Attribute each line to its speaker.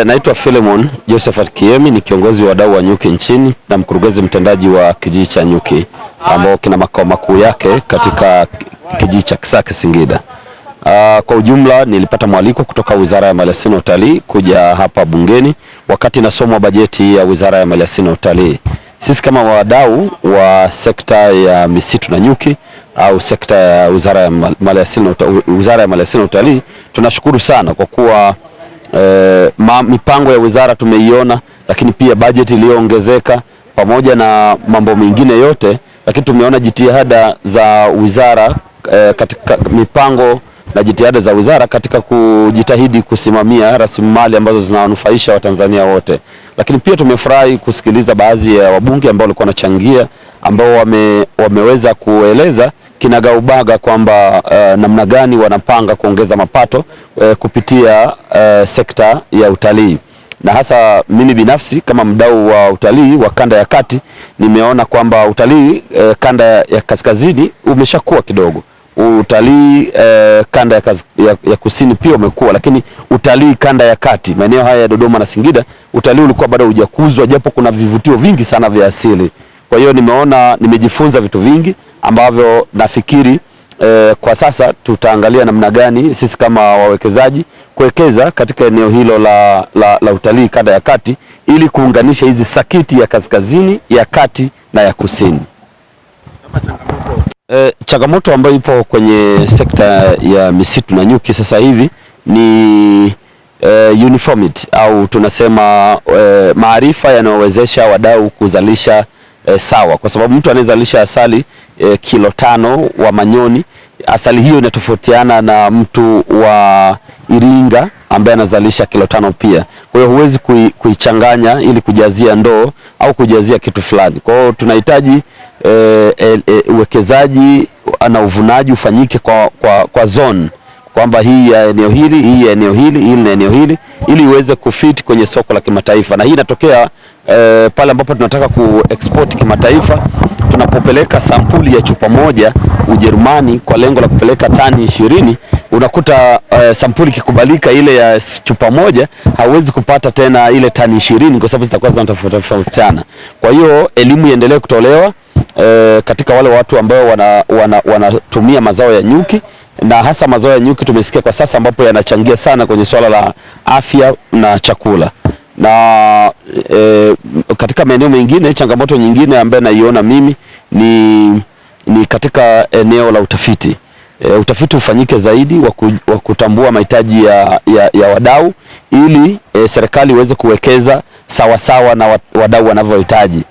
Speaker 1: Eh, naitwa Philemon Josephat Kiemi, ni kiongozi wa wadau wa nyuki nchini na mkurugenzi mtendaji wa kijiji cha nyuki ambao kina makao makuu yake katika kijiji cha Kisaki Singida. Aa, ah, kwa ujumla nilipata mwaliko kutoka Wizara ya Maliasili na Utalii kuja hapa bungeni wakati inasomwa bajeti ya Wizara ya Maliasili na Utalii. Sisi kama wadau wa sekta ya misitu na nyuki au sekta ya Wizara ya Maliasili na Utalii tunashukuru sana kwa kuwa e, ma, mipango ya wizara tumeiona, lakini pia bajeti iliyoongezeka pamoja na mambo mengine yote, lakini tumeona jitihada za wizara e, katika mipango na jitihada za wizara katika kujitahidi kusimamia rasilimali ambazo zinawanufaisha Watanzania wote. Lakini pia tumefurahi kusikiliza baadhi ya wabunge ambao walikuwa wanachangia ambao wame, wameweza kueleza kinagaubaga kwamba uh, namna gani wanapanga kuongeza mapato uh, kupitia uh, sekta ya utalii na hasa mimi binafsi kama mdau wa utalii wa kanda ya kati nimeona kwamba utalii e, kanda ya kaskazini umeshakuwa kidogo, utalii e, kanda ya, kaz, ya, ya kusini pia umekuwa, lakini utalii kanda ya kati, maeneo haya ya Dodoma na Singida, utalii ulikuwa bado hujakuzwa, japo kuna vivutio vingi sana vya asili. Kwa hiyo nimeona nimejifunza vitu vingi ambavyo nafikiri eh, kwa sasa tutaangalia namna gani sisi kama wawekezaji kuwekeza katika eneo hilo la, la, la utalii kanda ya kati ili kuunganisha hizi sakiti ya kaskazini, ya kati na ya kusini. E, changamoto ambayo ipo kwenye sekta ya misitu na nyuki sasa hivi ni e, uniformity au tunasema e, maarifa yanayowezesha wadau kuzalisha e, sawa, kwa sababu mtu anayezalisha asali e, kilo tano wa Manyoni, asali hiyo inatofautiana na mtu wa Iringa ambaye anazalisha kilo tano pia. Kwa hiyo huwezi kui, kuichanganya ili kujazia ndoo au kujazia kitu fulani. Kwa hiyo tunahitaji e, e, e, uwekezaji na uvunaji ufanyike kwa, kwa, kwa zone kwamba hii ya eneo hili, hii ya eneo hili, hili na eneo hili, ili iweze kufiti kwenye soko la kimataifa. Na hii inatokea eh, pale ambapo tunataka export kimataifa, tunapopeleka sampuli ya chupa moja Ujerumani kwa lengo la kupeleka tani ishirini unakuta uh, sampuli ikikubalika ile ya chupa moja hauwezi kupata tena ile tani ishirini kwa sababu zitakuwa zinatofautiana. Kwa hiyo elimu iendelee kutolewa uh, katika wale watu ambao wanatumia wana, wana mazao ya nyuki na hasa mazao ya nyuki tumesikia kwa sasa, ambapo yanachangia sana kwenye swala la afya na chakula na e, katika maeneo mengine, changamoto nyingine ambayo naiona mimi ni, ni katika eneo la utafiti e, utafiti ufanyike zaidi wa kutambua mahitaji ya, ya, ya wadau ili e, serikali iweze kuwekeza sawasawa na wadau wanavyohitaji.